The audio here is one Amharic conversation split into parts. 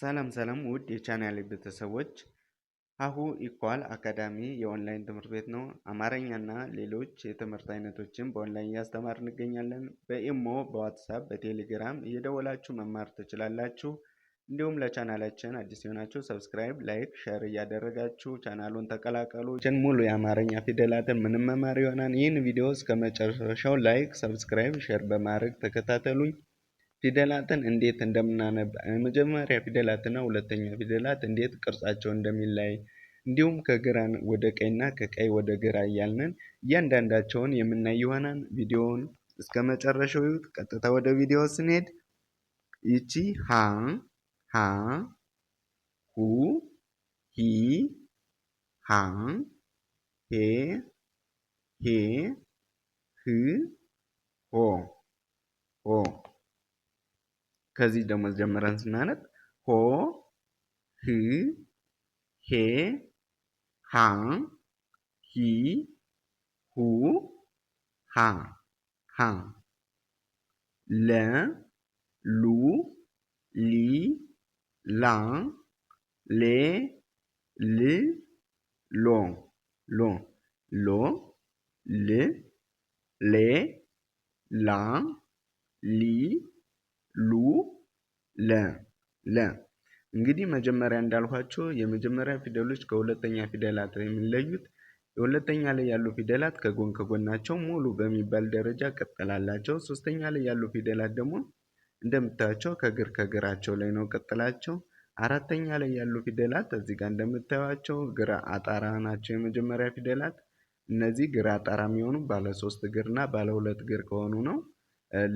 ሰላም ሰላም ውድ የቻናል ቤተሰቦች ሀሁ ኢኳል አካዳሚ የኦንላይን ትምህርት ቤት ነው። አማርኛና ሌሎች የትምህርት አይነቶችን በኦንላይን እያስተማር እንገኛለን። በኢሞ፣ በዋትሳፕ፣ በቴሌግራም እየደወላችሁ መማር ትችላላችሁ። እንዲሁም ለቻናላችን አዲስ የሆናችሁ ሰብስክራይብ፣ ላይክ፣ ሸር እያደረጋችሁ ቻናሉን ተቀላቀሉ። ችን ሙሉ የአማርኛ ፊደላትን ምንም መማር ይሆናል። ይህን ቪዲዮ እስከ መጨረሻው ላይክ፣ ሰብስክራይብ፣ ሸር በማድረግ ተከታተሉኝ። ፊደላትን እንዴት እንደምናነብ የመጀመሪያ ፊደላትና ሁለተኛ ፊደላት እንዴት ቅርጻቸው እንደሚለያይ እንዲሁም ከግራ ወደ ቀኝና ከቀይ ወደ ግራ እያልንን እያንዳንዳቸውን የምናይ ይሆናል። ቪዲዮውን እስከ መጨረሻው ይዩት። ቀጥታ ወደ ቪዲዮ ስንሄድ ይቺ ሀ ሀ ሁ ሂ ሀ ሄ ሄ ህ ሆ ሆ ከዚህ ደግሞ ጀምረን ስናነብ ሆ ህ ሄ ሃ ሂ ሁ ሃ ሃ ለ ሉ ሊ ላ ሌ ል ሎ ሎ ሎ ል ሌ ላ ሊ ሉ ለ ለ እንግዲህ መጀመሪያ እንዳልኋቸው የመጀመሪያ ፊደሎች ከሁለተኛ ፊደላት የሚለዩት የሁለተኛ ላይ ያሉ ፊደላት ከጎን ከጎናቸው ሙሉ በሚባል ደረጃ ቀጥላላቸው። አላቸው። ሶስተኛ ላይ ያሉ ፊደላት ደግሞ እንደምታዩቸው ከግር ከግራቸው ላይ ነው ቀጥላቸው። አራተኛ ላይ ያሉ ፊደላት እዚህ ጋር እንደምታዩቸው ግራ አጣራ ናቸው። የመጀመሪያ ፊደላት እነዚህ ግራ አጣራ የሚሆኑ ባለ ሶስት እግርና ባለ ሁለት እግር ከሆኑ ነው።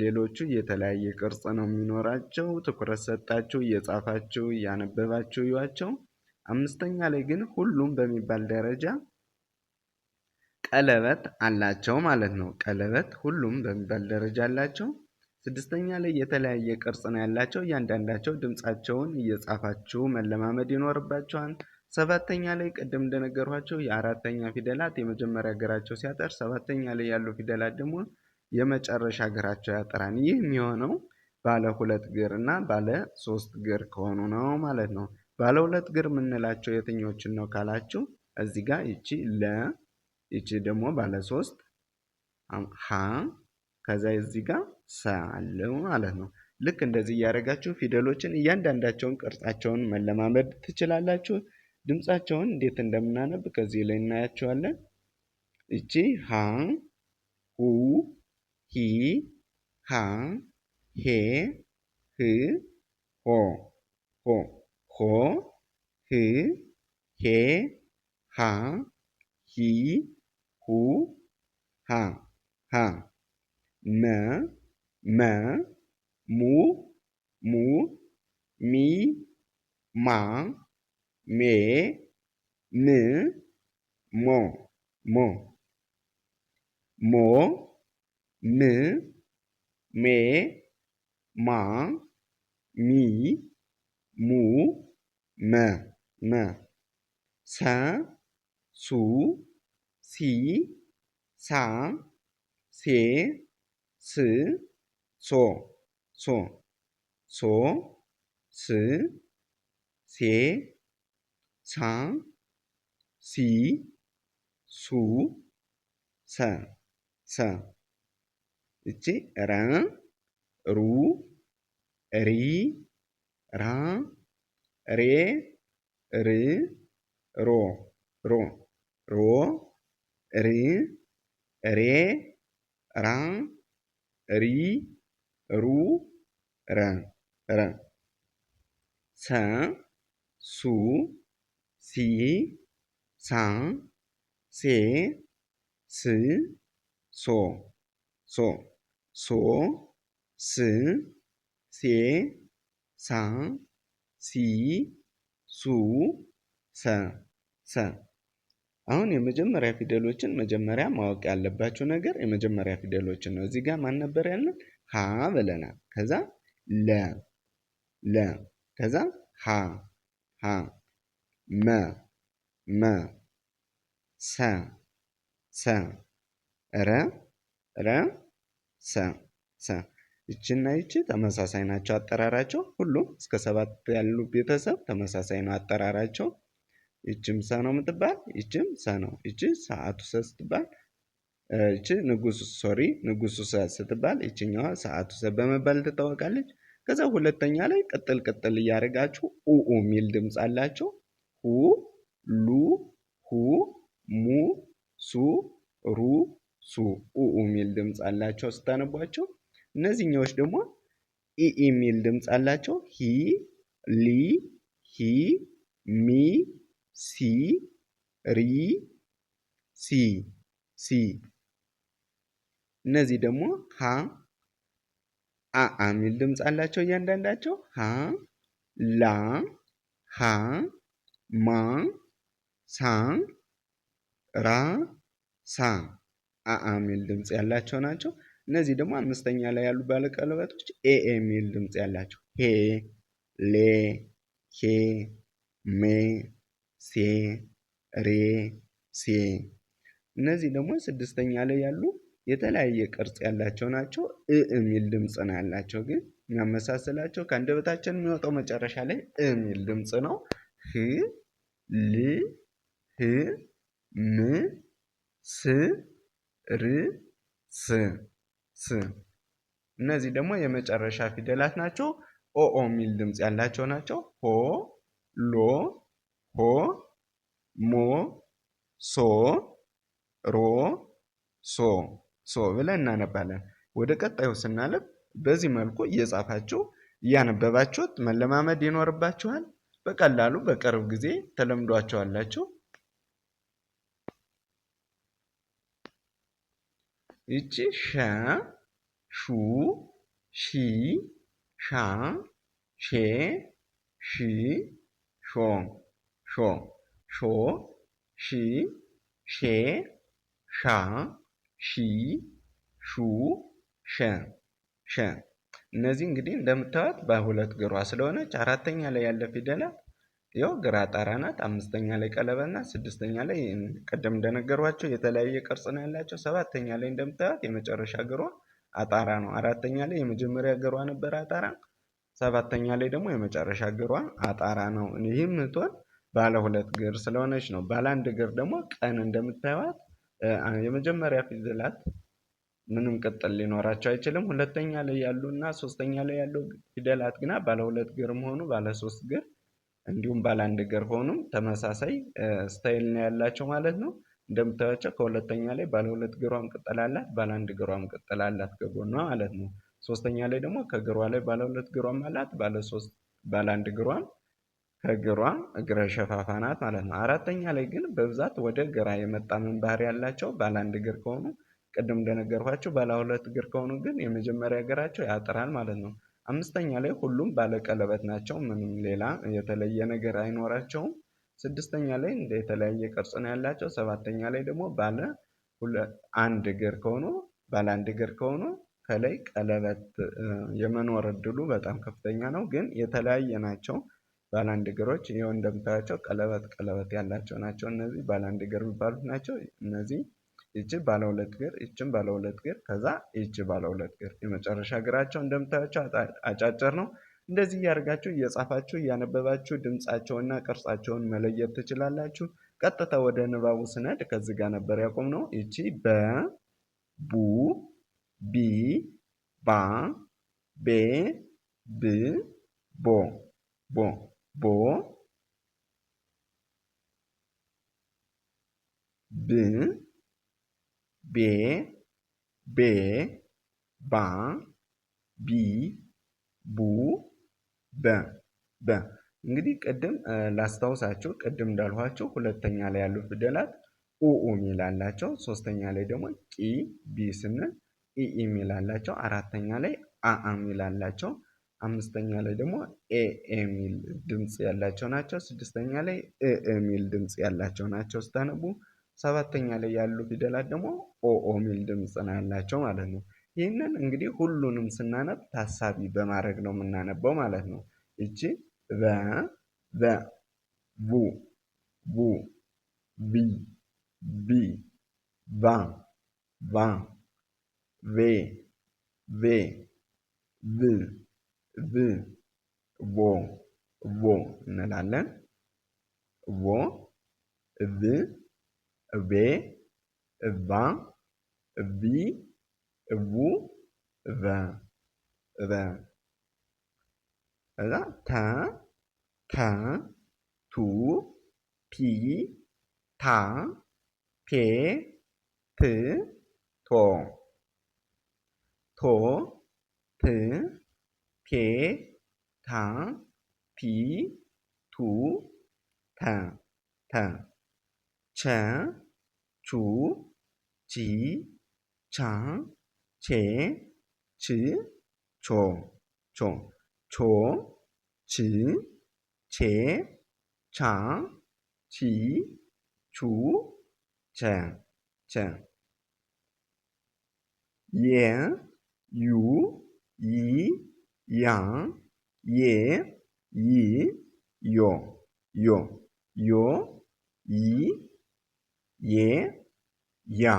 ሌሎቹ የተለያየ ቅርጽ ነው የሚኖራቸው። ትኩረት ሰጣችሁ እየጻፋችሁ እያነበባችሁ ይዋቸው። አምስተኛ ላይ ግን ሁሉም በሚባል ደረጃ ቀለበት አላቸው ማለት ነው። ቀለበት ሁሉም በሚባል ደረጃ አላቸው። ስድስተኛ ላይ የተለያየ ቅርጽ ነው ያላቸው። እያንዳንዳቸው ድምፃቸውን እየጻፋችሁ መለማመድ ይኖርባቸዋል። ሰባተኛ ላይ ቅድም እንደነገርኋቸው የአራተኛ ፊደላት የመጀመሪያ እግራቸው ሲያጠር፣ ሰባተኛ ላይ ያሉ ፊደላት ደግሞ የመጨረሻ እግራቸው ያጠራል። ይህ የሚሆነው ባለ ሁለት እግር እና ባለ ሶስት እግር ከሆኑ ነው ማለት ነው። ባለ ሁለት እግር የምንላቸው የትኞችን ነው ካላችሁ እዚህ ጋር ይቺ ለ ይቺ ደግሞ ባለ ሶስት ሀ ከዛ እዚህ ጋር ሰ ማለት ነው። ልክ እንደዚህ እያደረጋችሁ ፊደሎችን እያንዳንዳቸውን ቅርጻቸውን መለማመድ ትችላላችሁ። ድምፃቸውን እንዴት እንደምናነብ ከዚህ ላይ እናያቸዋለን። ይቺ ሀ ሁ ሂ ሃ ሄ ህ ሆ ሆ ሆ ህ ሄ ሃ ሂ ሁ ሃ ሃ መ መ ሙ ሙ ሚ ማ ሜ ም ሞ ሞ ሞ ም ሜ ማ ሚ ሙ መ መ ሰ ሱ ሲ ሳ ሴ ስ ሶ ሶ ሶ ስ ሴ ሳ ሲ ሱ ሰ ሰ እቺ ረ ሩ ሪ ራ ሬ ር ሮ ሮ ሮ ር ሬ ራ ሪ ሩ ረ ረ ሰ ሱ ሲ ሳ ሴ ስ ሶ ሶ ሶ ስ ሴ ሳ ሲ ሱ ሰ ሰ አሁን የመጀመሪያ ፊደሎችን መጀመሪያ ማወቅ ያለባችሁ ነገር የመጀመሪያ ፊደሎችን ነው። እዚህ ጋር ማን ነበር ያለን? ሀ ብለናል። ከዛ ለ ለ ከዛ ሀ ሀ መ መ ሰ ሰ ረ ረ ሰ ሰ ይችና ይቺ ተመሳሳይ ናቸው አጠራራቸው። ሁሉም እስከ ሰባት ያሉ ቤተሰብ ተመሳሳይ ነው አጠራራቸው። ይችም ሰ ነው የምትባል፣ ይችም ሰ ነው። ይቺ ሰዓቱ ሰ ስትባል፣ ይቺ ንጉሱ ሶሪ ንጉሱ ሰ ስትባል፣ ይችኛዋ ሰዓቱ ሰ በመባል ትታወቃለች። ከዛ ሁለተኛ ላይ ቅጥል ቅጥል እያደረጋችሁ ኡኡ የሚል ድምፅ አላቸው። ሁ ሉ ሁ ሙ ሱ ሩ ሱ ኡ የሚል ድምፅ አላቸው ስታነቧቸው። እነዚህኛዎች ደግሞ ኢ የሚል ድምፅ አላቸው። ሂ፣ ሊ፣ ሂ፣ ሚ፣ ሲ፣ ሪ፣ ሲ፣ ሲ። እነዚህ ደግሞ ሀ፣ አ የሚል ድምፅ አላቸው እያንዳንዳቸው። ሀ፣ ላ፣ ሀ፣ ማ፣ ሳ፣ ራ፣ ሳ አአ የሚል ድምፅ ያላቸው ናቸው። እነዚህ ደግሞ አምስተኛ ላይ ያሉ ባለቀለበቶች ኤ የሚል ድምፅ ያላቸው ሄ፣ ሌ፣ ሄ፣ ሜ፣ ሴ፣ ሬ፣ ሴ። እነዚህ ደግሞ ስድስተኛ ላይ ያሉ የተለያየ ቅርጽ ያላቸው ናቸው። እ የሚል ድምፅ ነው ያላቸው ግን የሚያመሳስላቸው ከአንደበታችን የሚወጣው መጨረሻ ላይ እ የሚል ድምፅ ነው። ህ ል ህ ም ስ ርስ ስ እነዚህ ደግሞ የመጨረሻ ፊደላት ናቸው። ኦኦ የሚል ድምፅ ያላቸው ናቸው። ሆ ሎ ሆ ሞ ሶ ሮ ሶ ሶ ብለን እናነባለን። ወደ ቀጣዩ ስናልፍ በዚህ መልኩ እየጻፋችሁ እያነበባችሁት መለማመድ ይኖርባችኋል። በቀላሉ በቅርብ ጊዜ ተለምዷቸዋላችሁ። ይቺ ሸ ሹ ሺ ሻ ሼ ሺ ሾ ሾ ሾ ሺ ሼ ሻ ሺ ሹ ሸ ሸ እነዚህ እንግዲህ እንደምታዩት በሁለት ሁለት እግሯ ስለሆነች አራተኛ ላይ ያለ ፊደላት ይኸው ግራ ጣራ ናት። አምስተኛ ላይ ቀለበት ናት። ስድስተኛ ላይ ቀደም እንደነገሯቸው የተለያየ ቅርጽ ነው ያላቸው። ሰባተኛ ላይ እንደምታዩት የመጨረሻ እግሯ አጣራ ነው። አራተኛ ላይ የመጀመሪያ እግሯ ነበር አጣራ። ሰባተኛ ላይ ደግሞ የመጨረሻ ግሯ አጣራ ነው። ይህም ምትሆን ባለ ሁለት ግር ስለሆነች ነው። ባለ አንድ ግር ደግሞ ቀን እንደምታዩት የመጀመሪያ ፊደላት ምንም ቅጥል ሊኖራቸው አይችልም። ሁለተኛ ላይ ያሉ እና ሶስተኛ ላይ ያሉ ፊደላት ግና ባለ ሁለት ግር መሆኑ ባለ ሶስት ግር እንዲሁም ባለ አንድ እግር ሆኑም ተመሳሳይ ስታይል ነው ያላቸው ማለት ነው። እንደምታያቸው ከሁለተኛ ላይ ባለ ሁለት እግሯም ቅጠል አላት፣ ባለ አንድ ቅጠል አላት ከጎኗ ማለት ነው። ሶስተኛ ላይ ደግሞ ከእግሯ ላይ ባለ ሁለት እግሯም አላት፣ ባለ ሶስት ባለ አንድ እግሯም ከግሯ እግረ ሸፋፋ ናት ማለት ነው። አራተኛ ላይ ግን በብዛት ወደ ግራ የመጣ ምን ባህሪ ያላቸው ባለ አንድ እግር ከሆኑ ቅድም እንደነገርኳቸው ባለ ሁለት እግር ከሆኑ ግን የመጀመሪያ እግራቸው ያጥራል ማለት ነው። አምስተኛ ላይ ሁሉም ባለቀለበት ናቸው። ምንም ሌላ የተለየ ነገር አይኖራቸውም። ስድስተኛ ላይ እንደ የተለያየ ቅርጽ ነው ያላቸው። ሰባተኛ ላይ ደግሞ ባለ አንድ እግር ከሆኑ ባለ አንድ እግር ከሆኑ ከላይ ቀለበት የመኖር እድሉ በጣም ከፍተኛ ነው። ግን የተለያየ ናቸው። አንድ እግሮች ይኸው እንደምታያቸው ቀለበት ቀለበት ያላቸው ናቸው። እነዚህ አንድ እግር የሚባሉት ናቸው እነዚህ ይቺ ባለ ሁለት እግር ይቺም ባለ ሁለት እግር ከዛ ይቺ ባለ ሁለት እግር የመጨረሻ እግራቸው እንደምታያቸው አጫጭር ነው። እንደዚህ እያደርጋችሁ እየጻፋችሁ እያነበባችሁ ድምፃቸውና ቅርጻቸውን መለየት ትችላላችሁ። ቀጥታ ወደ ንባቡ ስነድ ከዚህ ጋር ነበር ያቆም ነው። ይቺ በ ቡ ቢ ባ ቤ ብ ቦ ቦ ቦ ብ ቤ ቤ ባ ቢ ቡ በ በ እንግዲህ ቅድም ላስታውሳችሁ ቅድም እንዳልኋችሁ ሁለተኛ ላይ ያሉ ፊደላት ኡ ሚል አላቸው። ሶስተኛ ላይ ደግሞ ቂ ቢ ስንል ኢ ሚል አላቸው። አራተኛ ላይ አ ሚል አላቸው። አምስተኛ ላይ ደግሞ ኤ ሚል ድምፅ ያላቸው ናቸው። ስድስተኛ ላይ እ የሚል ድምፅ ያላቸው ናቸው ስታነቡ ሰባተኛ ላይ ያሉ ፊደላት ደግሞ ኦኦ የሚል ድምፅ ነው ያላቸው ማለት ነው። ይህንን እንግዲህ ሁሉንም ስናነብ ታሳቢ በማድረግ ነው የምናነበው ማለት ነው። ይቺ በ በ ቡ ቡ ቢ ቢ ባ ባ ቬ ቬ ብ ብ ቦ ቦ እንላለን ቦ ብ be, va, vi, vu, ve, re. Ra, ta, ta, tu, pi, ta, pe, t, to. To, t, pe, ta, pi, tu, ta, ta. Cha, 주, 지, 장, 제, 지, 조, 조, 조, 지, 제, 장, 지, 주, 장, 장. 예, 유, 이, 양, 예, 이, 요, 요, 요, 이, የ ያ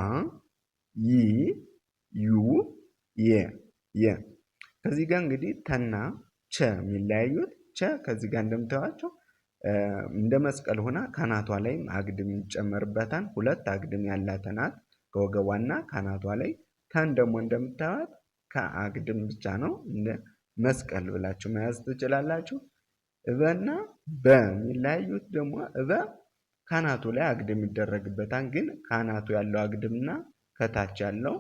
ይ ዩ የ የ ከዚህ ጋር እንግዲህ ተና ቸ የሚለያዩት ቸ ከዚህ ጋር እንደምታዩቸው እንደ መስቀል ሆና ካናቷ ላይም አግድም ይጨመርበታል። ሁለት አግድም ያላት ናት ከወገቧና ካናቷ ላይ። ተን ደግሞ እንደምታዩት ከአግድም ብቻ ነው። እንደ መስቀል ብላችሁ መያዝ ትችላላችሁ። እበና በ የሚለያዩት ደግሞ እበ ካናቱ ላይ አግድም ይደረግበታል። ግን ካናቱ ያለው አግድምና ከታች ያለው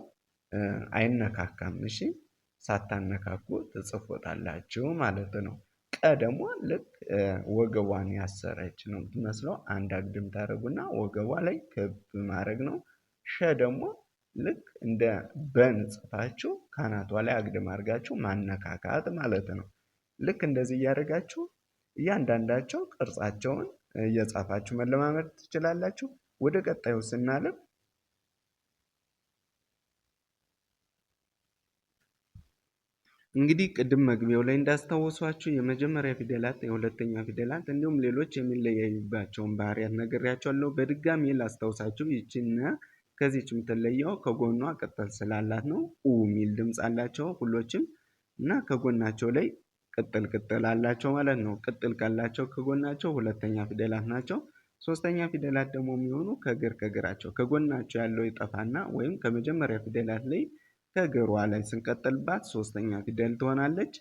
አይነካካም። እሺ ሳታነካኩ ትጽፎታላችሁ ማለት ነው። ቀ ደግሞ ልክ ወገቧን ያሰረች ነው የምትመስለው። አንድ አግድም ታደረጉና ወገቧ ላይ ክብ ማድረግ ነው። ሸ ደግሞ ልክ እንደ በን ጽፋችሁ ካናቷ ላይ አግድም አድርጋችሁ ማነካካት ማለት ነው። ልክ እንደዚህ እያደረጋችሁ እያንዳንዳቸው ቅርጻቸውን እየጻፋችሁ መለማመድ ትችላላችሁ። ወደ ቀጣዩ ስናልም እንግዲህ ቅድም መግቢያው ላይ እንዳስታወሷችሁ የመጀመሪያ ፊደላት፣ የሁለተኛ ፊደላት እንዲሁም ሌሎች የሚለያዩባቸውን ባህሪያት ነግሬያቸዋለሁ። በድጋሚ ላስታውሳችሁ ይችና ከዚች የምትለየው ከጎኗ ቅጥል ስላላት ነው። ኡ የሚል ድምፅ አላቸው ሁሎችም እና ከጎናቸው ላይ ቅጥል ቅጥል አላቸው ማለት ነው። ቅጥል ካላቸው ከጎናቸው ሁለተኛ ፊደላት ናቸው። ሶስተኛ ፊደላት ደግሞ የሚሆኑ ከግር ከግራቸው ከጎናቸው ያለው ይጠፋና ወይም ከመጀመሪያ ፊደላት ላይ ከግሯ ላይ ስንቀጥልባት ሶስተኛ ፊደል ትሆናለች።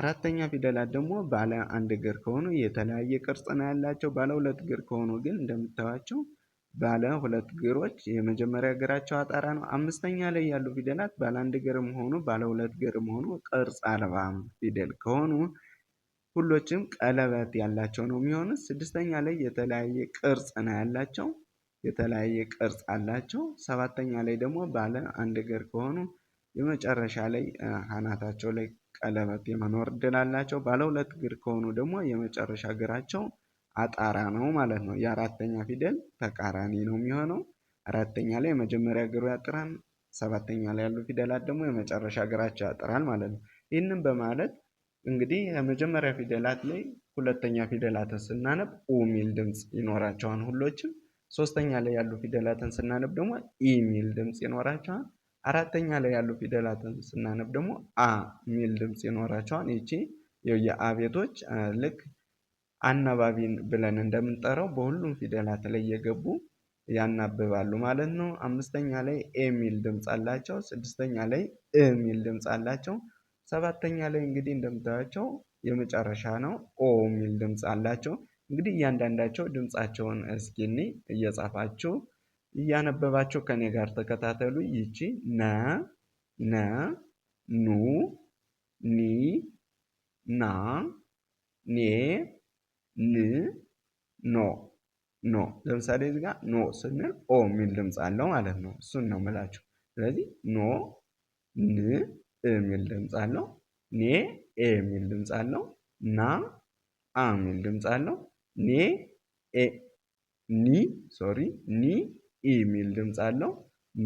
አራተኛ ፊደላት ደግሞ ባለ አንድ እግር ከሆኑ የተለያየ ቅርጽ ነው ያላቸው። ባለ ሁለት እግር ከሆኑ ግን እንደምታዩቸው ባለ ሁለት ግሮች የመጀመሪያ እግራቸው አጣራ ነው። አምስተኛ ላይ ያሉ ፊደላት ባለ አንድ እግርም ሆኑ ባለ ሁለት እግርም ሆኑ ቅርጽ አልባ ፊደል ከሆኑ ሁሎችም ቀለበት ያላቸው ነው የሚሆኑት። ስድስተኛ ላይ የተለያየ ቅርጽ ነው ያላቸው የተለያየ ቅርጽ አላቸው። ሰባተኛ ላይ ደግሞ ባለ አንድ እግር ከሆኑ የመጨረሻ ላይ አናታቸው ላይ ቀለበት የመኖር እድል አላቸው። ባለ ሁለት እግር ከሆኑ ደግሞ የመጨረሻ እግራቸው አጣራ ነው ማለት ነው። የአራተኛ ፊደል ተቃራኒ ነው የሚሆነው። አራተኛ ላይ የመጀመሪያ እግሩ ያጥራል፣ ሰባተኛ ላይ ያሉ ፊደላት ደግሞ የመጨረሻ እግራቸው ያጥራል ማለት ነው። ይህንን በማለት እንግዲህ የመጀመሪያ ፊደላት ላይ ሁለተኛ ፊደላትን ስናነብ ኡ ሚል ድምፅ ይኖራቸዋል ሁሎችም። ሶስተኛ ላይ ያሉ ፊደላትን ስናነብ ደግሞ ኢ ሚል ድምፅ ይኖራቸዋል። አራተኛ ላይ ያሉ ፊደላትን ስናነብ ደግሞ አ ሚል ድምፅ ይኖራቸዋል። ይቺ የአቤቶች ልክ አናባቢ ብለን እንደምንጠራው በሁሉም ፊደላት ላይ እየገቡ ያናብባሉ ማለት ነው። አምስተኛ ላይ ኤ የሚል ድምፅ አላቸው። ስድስተኛ ላይ እ የሚል ድምፅ አላቸው። ሰባተኛ ላይ እንግዲህ እንደምታያቸው የመጨረሻ ነው ኦ የሚል ድምፅ አላቸው። እንግዲህ እያንዳንዳቸው ድምፃቸውን እስኪኒ እየጻፋችሁ እያነበባችሁ ከኔ ጋር ተከታተሉ። ይቺ ነ ነ ኑ ኒ ና ኔ ን ኖ ኖ ለምሳሌ እዚህ ጋር ኖ ስንል ኦ የሚል ድምፅ አለው ማለት ነው። እሱን ነው የምላችሁ። ስለዚህ ኖ ን የሚል ድምፅ አለው። ኔ ኤ የሚል ድምፅ አለው። ና አ የሚል ድምፅ አለው። ኔ ኤ ኒ ሶሪ ኒ ኢ የሚል ድምፅ አለው።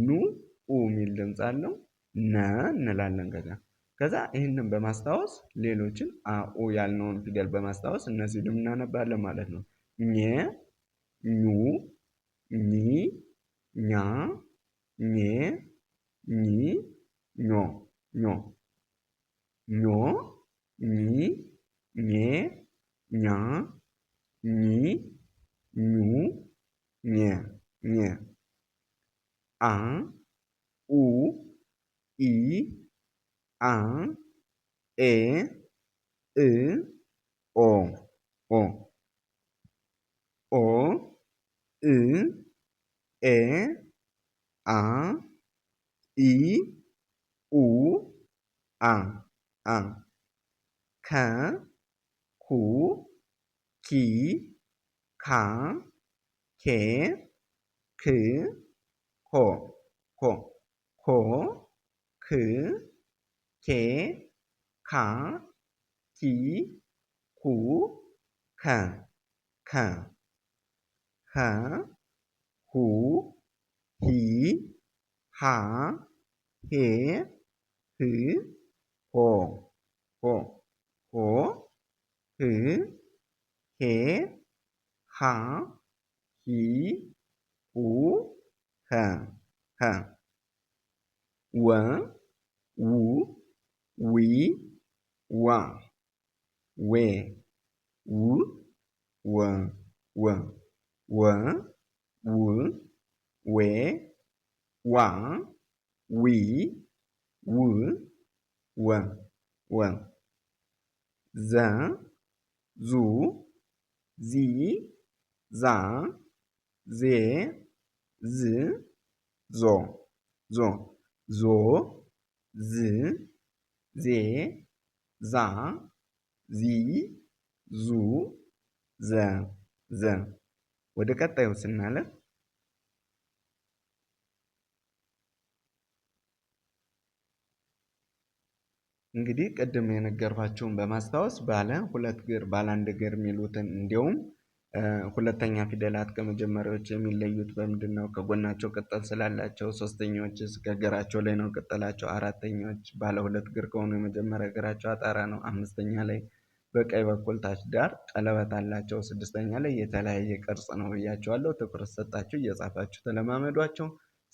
ኑ ኡ የሚል ድምፅ አለው። ነ እንላለን ከዛ ከዛ ይህንን በማስታወስ ሌሎችን አኡ ያልነውን ፊደል በማስታወስ እነዚህንም እናነባለን ማለት ነው። ኘ፣ ኙ፣ ኚ፣ ኛ፣ ኘ፣ ኚ፣ ኞ፣ ኞ፣ ኞ፣ ኚ፣ ኘ፣ ኛ፣ ኚ፣ ኙ፣ ኘ፣ ኘ፣ አ፣ ኡ፣ ኢ አ ኤ እ ኦ ኦ ኦ እ ኤ አ ኢ ኡ አ አ ከ ኩ ኪ ካ ኬ ክ ኮ ኮ ኮ ክ ኬ ካ ኪ ኩ ከ ከ ኸ ሁ ሂ ሃ ሄ ህ ሆ ሆ ሆ ህ ሄ ሃ ሂ ሁ ኸ ኸ ወ ው ዊ ዋ ዌ ው ወ ወ ወ ው ዌ ዋ ዊ ው ወ ወ ዘ ዙ ዚ ዛ ዜ ዝ ዞ ዞ ዞ ዝ ዜ ዛ ዚ ዙ ዘ ዘ። ወደ ቀጣዩ ስናለፍ እንግዲህ ቅድም የነገርኳቸውን በማስታወስ ባለ ሁለት እግር ባለ አንድ እግር የሚሉትን እንዲሁም ሁለተኛ ፊደላት ከመጀመሪያዎች የሚለዩት በምንድን ነው? ከጎናቸው ቅጠል ስላላቸው። ሶስተኛዎችስ ከእግራቸው ላይ ነው ቅጠላቸው። አራተኛዎች ባለ ሁለት እግር ከሆኑ የመጀመሪያ እግራቸው አጣራ ነው። አምስተኛ ላይ በቀኝ በኩል ታች ዳር ቀለበት አላቸው። ስድስተኛ ላይ የተለያየ ቅርጽ ነው ብያቸዋለሁ። ትኩረት ሰጣችሁ እየጻፋችሁ ተለማመዷቸው።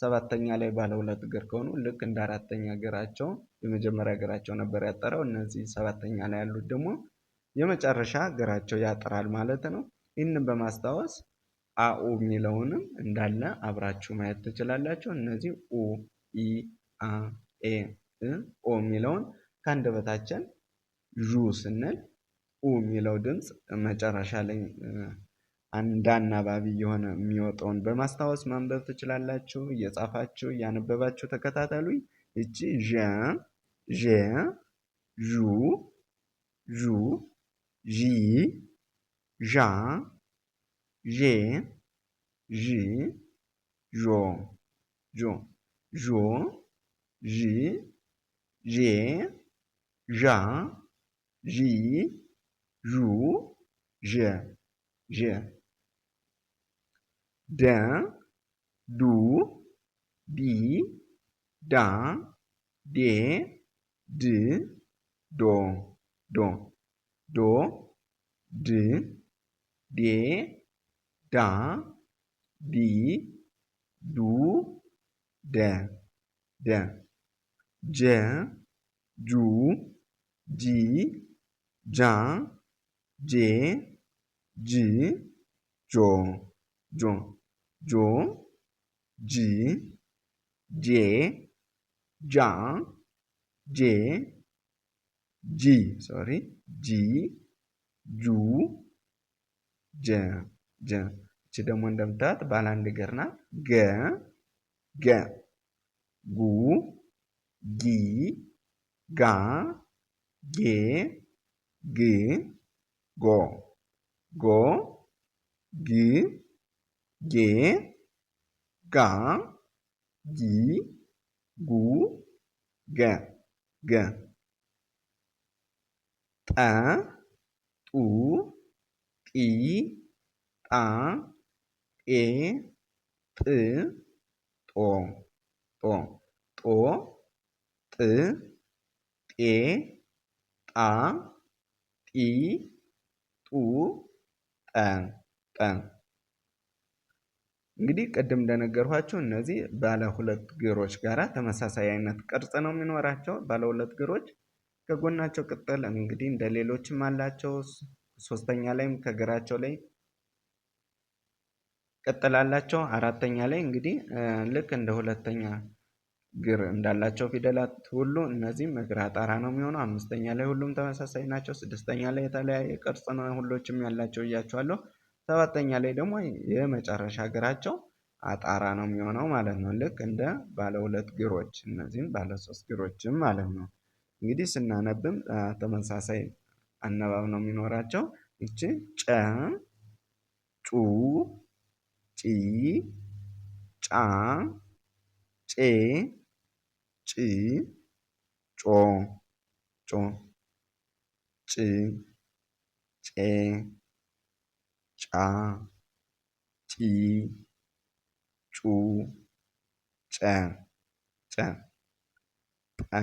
ሰባተኛ ላይ ባለ ሁለት እግር ከሆኑ ልክ እንደ አራተኛ እግራቸው የመጀመሪያ እግራቸው ነበር ያጠራው። እነዚህ ሰባተኛ ላይ ያሉት ደግሞ የመጨረሻ እግራቸው ያጥራል ማለት ነው። ይህንን በማስታወስ አኡ የሚለውንም እንዳለ አብራችሁ ማየት ትችላላችሁ። እነዚህ ኡ፣ ኢ፣ አ፣ ኤ፣ ኦ የሚለውን ከአንደበታችን ዡ ስንል ኡ የሚለው ድምፅ መጨረሻ ላይ አናባቢ የሆነ የሚወጣውን በማስታወስ ማንበብ ትችላላችሁ። እየጻፋችሁ እያነበባችሁ ተከታተሉኝ። እቺ ዣ ዣ ዡ ዡ ዢ ዣ ዤ ዢ ዦ ጆ ዦ ዢ ዤ ዣ ዢ ዡ ዠ ዠ ደ ዱ ዲ ዳ ዴ ድ ዶ ዶ ዶ ድ ዴ ዳ ዲ ዱ ደ ደ ጀ ጁ ጂ ጃ ጄ ጂ ጆ ጆ ጆ ጂ ጄ ጃ ጄ ጂ ሶሪ ጂ ጁ ጀ ጀ እቺ ደግሞ እንደምታዩት ባለ አንድ እግር ናት። ገ ገ ጉ ጊ ጋ ጌ ግ ጎ ጎ ግ ጌ ጋ ጊ ጉ ገ ገ ጠ ጡ ጲ ጳ ጴ ጵ ጦ ጦ ጦ ጥ ጤ ጣ ጢ ጡ ጠ ጠ እንግዲህ ቅድም እንደነገርኋቸው እነዚህ ባለ ሁለት እግሮች ጋራ ተመሳሳይ አይነት ቅርጽ ነው የሚኖራቸው። ባለ ሁለት እግሮች ከጎናቸው ቅጥል እንግዲህ እንደሌሎችም አላቸው። ሶስተኛ ላይም ከግራቸው ላይ ቀጥላላቸው አራተኛ ላይ እንግዲህ ልክ እንደ ሁለተኛ ግር እንዳላቸው ፊደላት ሁሉ እነዚህም እግር አጣራ ነው የሚሆነው። አምስተኛ ላይ ሁሉም ተመሳሳይ ናቸው። ስድስተኛ ላይ የተለያየ ቅርጽ ነው ሁሎችም ያላቸው እያቸዋለሁ። ሰባተኛ ላይ ደግሞ የመጨረሻ እግራቸው አጣራ ነው የሚሆነው ማለት ነው። ልክ እንደ ባለ ሁለት ግሮች እነዚህም ባለ ሶስት ግሮችም ማለት ነው። እንግዲህ ስናነብም ተመሳሳይ አነባብ ነው የሚኖራቸው። ይቺ ጨ፣ ጩ፣ ጪ፣ ጫ፣ ጬ፣ ጭ፣ ጮ፣ ጮ፣ ጭ፣ ጬ፣ ጫ፣ ጪ፣ ጩ፣ ጨ፣ ጨ፣ ጰ፣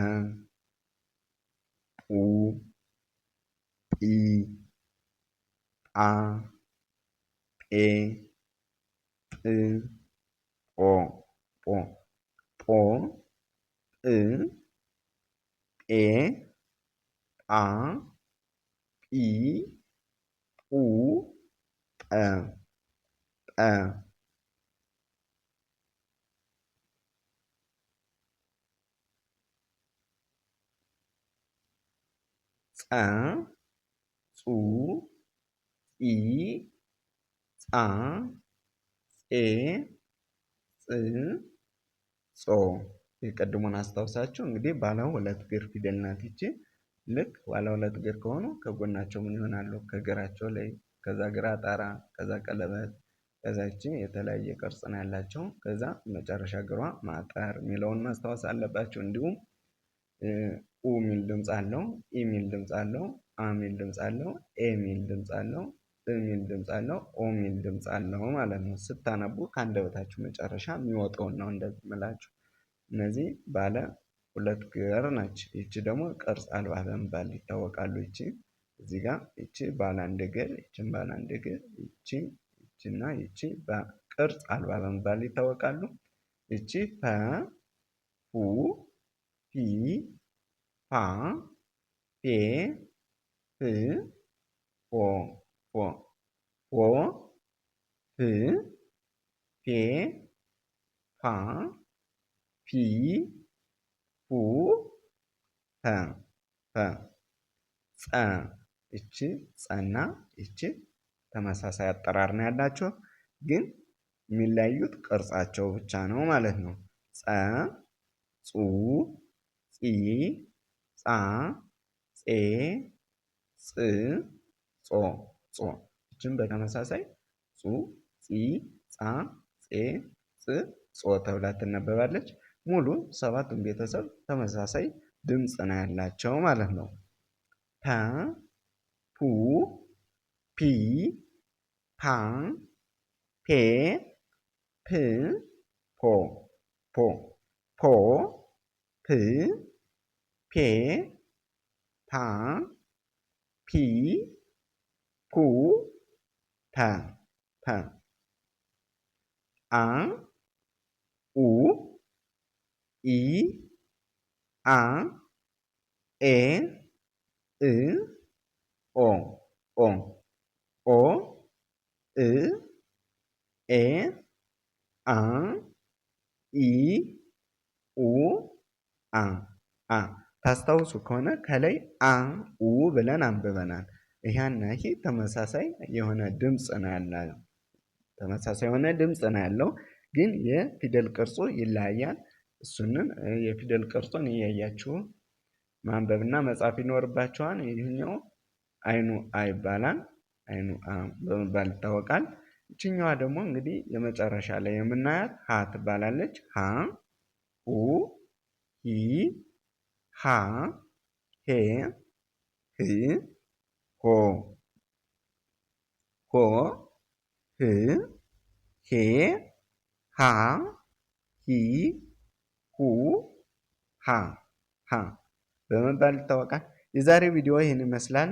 ጱ ኢ ጳ ጴ ጵ ጶ ጶ ጶ ጵ ጴ ጳ ጲ ጱ ጰ ጰ ጸ ጹ ጺ ጻ ጼ ፅ ጾ የቀድሞን አስታውሳችሁ እንግዲህ ባለ ሁለት እግር ፊደል ናት ይቺ። ልክ ባለ ሁለት እግር ከሆኑ ከጎናቸው ምን ይሆናሉ? ከእግራቸው ላይ ከዛ ግራ ጣራ ከዛ ቀለበት ከዛ ይቺ የተለያየ ቅርጽ ነው ያላቸው። ከዛ መጨረሻ እግሯ ማጠር የሚለውን ማስታወስ አለባቸው። እንዲሁም ኡ የሚል ድምፅ አለው፣ ኢ የሚል ድምፅ አለው። አ የሚል ድምፅ አለው ኤ የሚል ድምፅ አለው እ የሚል ድምፅ አለው ኦ የሚል ድምፅ አለው ማለት ነው። ስታነቡ ከአንደበታችሁ መጨረሻ የሚወጣውን ነው እንደዚህ እነዚህ ባለ ሁለት ግር ናች። ይቺ ደግሞ ቅርጽ አልባ በመባል ይታወቃሉ። ይቺ እዚህ ጋ ይቺ ባለ አንድ እግር፣ ይቺን ባለ አንድ እግር፣ ይቺ ይቺና ይቺ ቅርጽ አልባ በመባል ይታወቃሉ። ይቺ ፐ ፑ ፒ ፓ ፔ ህ ሆ ሆ ሆ ህ ሄ ሃ ፒ ሁ ኸ ኸ ጸ ይቺ ጸና ይቺ ተመሳሳይ አጠራር ነው ያላቸው ግን የሚለያዩት ቅርጻቸው ብቻ ነው ማለት ነው። ጸ ጹ ፂ ጻ ፄ ጽ ጾ ጾ እችም በተመሳሳይ ጹ ጺ ጻ ጼ ጽ ጾ ተብላ ትነበባለች። ሙሉ ሰባቱን ቤተሰብ ተመሳሳይ ድምፅ ነው ያላቸው ማለት ነው። ፐ ፑ ፒ ፓ ፔ ፕ ፖ ፖ ፖ ፕ ፔ ፓ ፒ ፑ ፐ ፐ አ ኡ ኢ አ ኤ እ ኦ ኦ ኦ እ ኤ አ ኢ ኡ አ አ ታስታውሱ ከሆነ ከላይ አ ኡ ብለን አንብበናል። ይህና ይሄ ተመሳሳይ የሆነ ድምፅ ነው ያለው። ተመሳሳይ የሆነ ድምፅ ነው ያለው፣ ግን የፊደል ቅርጹ ይለያያል። እሱንም የፊደል ቅርጹን እያያችሁ ማንበብና መጻፍ ይኖርባችኋል። ይህኛው አይኑ አ ይባላል። አይኑ አ በመባል ይታወቃል። ይችኛዋ ደግሞ እንግዲህ የመጨረሻ ላይ የምናያት ሀ ትባላለች። ሀ ኡ ሂ ሀ ሄ ህ ሆ ሆ ህ ሄ ሃ ሂ ሁ ሃ ሃ በመባል ይታወቃል። የዛሬ ቪዲዮ ይህን ይመስላል።